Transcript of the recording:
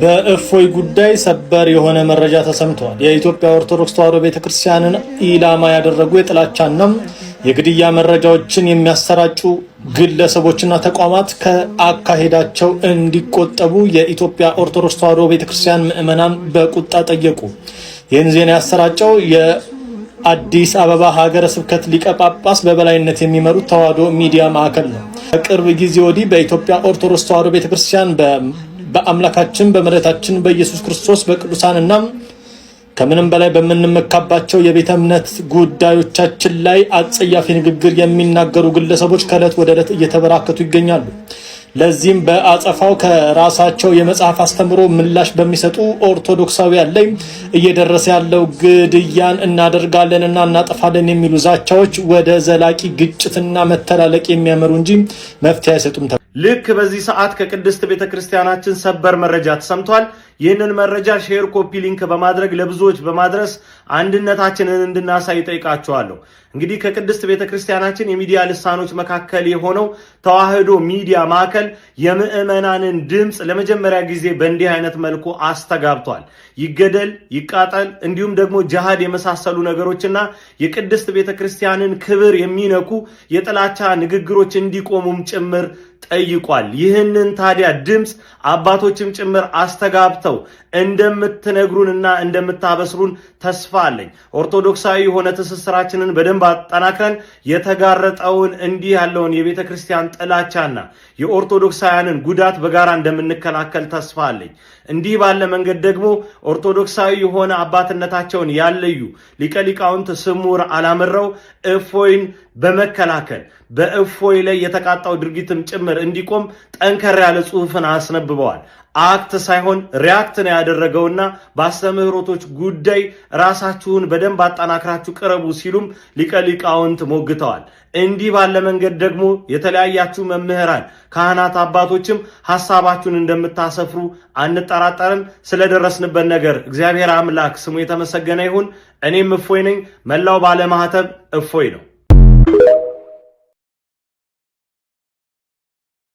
በእፎይ ጉዳይ ሰበር የሆነ መረጃ ተሰምተዋል። የኢትዮጵያ ኦርቶዶክስ ተዋሕዶ ቤተክርስቲያንን ኢላማ ያደረጉ የጥላቻና የግድያ መረጃዎችን የሚያሰራጩ ግለሰቦችና ተቋማት ከአካሄዳቸው እንዲቆጠቡ የኢትዮጵያ ኦርቶዶክስ ተዋሕዶ ቤተክርስቲያን ምዕመናን በቁጣ ጠየቁ። ይህን ዜና ያሰራጨው የአዲስ አበባ ሀገረ ስብከት ሊቀ ጳጳስ በበላይነት የሚመሩት ተዋሕዶ ሚዲያ ማዕከል ነው። ከቅርብ ጊዜ ወዲህ በኢትዮጵያ ኦርቶዶክስ ተዋሕዶ ቤተክርስቲያን በአምላካችን በምሕረታችን በኢየሱስ ክርስቶስ በቅዱሳንና ከምንም በላይ በምንመካባቸው የቤተ እምነት ጉዳዮቻችን ላይ አጸያፊ ንግግር የሚናገሩ ግለሰቦች ከእለት ወደ ዕለት እየተበራከቱ ይገኛሉ። ለዚህም በአጸፋው ከራሳቸው የመጽሐፍ አስተምሮ ምላሽ በሚሰጡ ኦርቶዶክሳውያን ላይ እየደረሰ ያለው ግድያን እናደርጋለንና እናጠፋለን የሚሉ ዛቻዎች ወደ ዘላቂ ግጭትና መተላለቅ የሚያመሩ እንጂ መፍትሄ አይሰጡም። ልክ በዚህ ሰዓት ከቅድስት ቤተ ክርስቲያናችን ሰበር መረጃ ተሰምቷል። ይህንን መረጃ ሼር፣ ኮፒ ሊንክ በማድረግ ለብዙዎች በማድረስ አንድነታችንን እንድናሳይ ጠይቃችኋለሁ። እንግዲህ ከቅድስት ቤተ ክርስቲያናችን የሚዲያ ልሳኖች መካከል የሆነው ተዋህዶ ሚዲያ ማዕከል የምዕመናንን ድምፅ ለመጀመሪያ ጊዜ በእንዲህ አይነት መልኩ አስተጋብቷል። ይገደል ይቃጠል፣ እንዲሁም ደግሞ ጅሃድ የመሳሰሉ ነገሮችና የቅድስት ቤተ ክርስቲያንን ክብር የሚነኩ የጥላቻ ንግግሮች እንዲቆሙም ጭምር ጠይቋል። ይህንን ታዲያ ድምፅ አባቶችም ጭምር አስተጋብተው እንደምትነግሩንና እንደምታበስሩን ተስፋ አለኝ። ኦርቶዶክሳዊ የሆነ ትስስራችንን በደንብ አጠናክረን የተጋረጠውን እንዲህ ያለውን የቤተ ክርስቲያን ጥላቻና የኦርቶዶክሳውያንን ጉዳት በጋራ እንደምንከላከል ተስፋ አለኝ። እንዲህ ባለ መንገድ ደግሞ ኦርቶዶክሳዊ የሆነ አባትነታቸውን ያለዩ ሊቀሊቃውንት ስሙር አላምረው እፎይን በመከላከል በእፎይ ላይ የተቃጣው ድርጊትም ጭምር እንዲቆም ጠንከር ያለ ጽሑፍን አስነብበዋል። አክት ሳይሆን ሪያክት ነው ያደረገውና በአስተምህሮቶች ጉዳይ ራሳችሁን በደንብ አጠናክራችሁ ቅረቡ ሲሉም ሊቀ ሊቃውንት ሞግተዋል። እንዲህ ባለ መንገድ ደግሞ የተለያያችሁ መምህራን፣ ካህናት፣ አባቶችም ሐሳባችሁን እንደምታሰፍሩ አንጠራጠርም። ስለደረስንበት ነገር እግዚአብሔር አምላክ ስሙ የተመሰገነ ይሁን። እኔም እፎይ ነኝ፣ መላው ባለማህተብ እፎይ ነው።